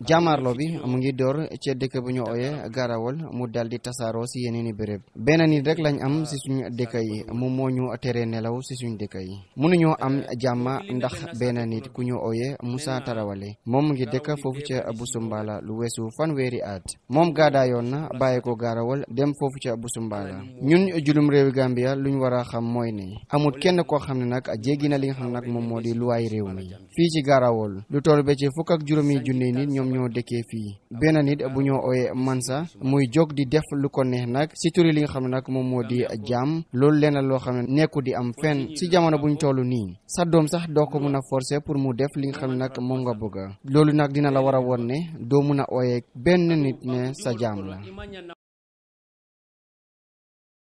jaamaarloo bi mu ngi door ci dëkk bu ñu ooyee garawol mu daal di tasaaroo si yeneen i béréb benn nit rek lañ am si suñu dëkk yi moom moo ñu tere nelaw si suñu dëkk yi mënuñoo am jàmma ndax benn nit ku ñu ooyee Musa Tarawale moom ngi dëkk foofu ca Busumbala lu weesu fanweeri at moom gaadaayoon na bàyyi ko garawol dem foofu ca Busumbala ñun julum réewi Gambia lu ñu war a xam mooy ne amut kenn koo xam ne nag jéggi na li nga xam nag moom moo di lu toll ba ci fukk ak ñoom ñoo dëkkee fii ah, benn nit ah, bu ñoo ooyee Mansa muy jóg di def lu ko neex nag si turi li nga xam nag moom moo di ah, jaam loolu lenn loo xam ne nekku di am fenn si jamono ñu toll nii sa doom sax doo ko mun a forcer pour mu def li nga xam nag moom nga bëgg loolu nag dina la war a eh, won ne doo mën a ooyee benn nit ne sa jaam la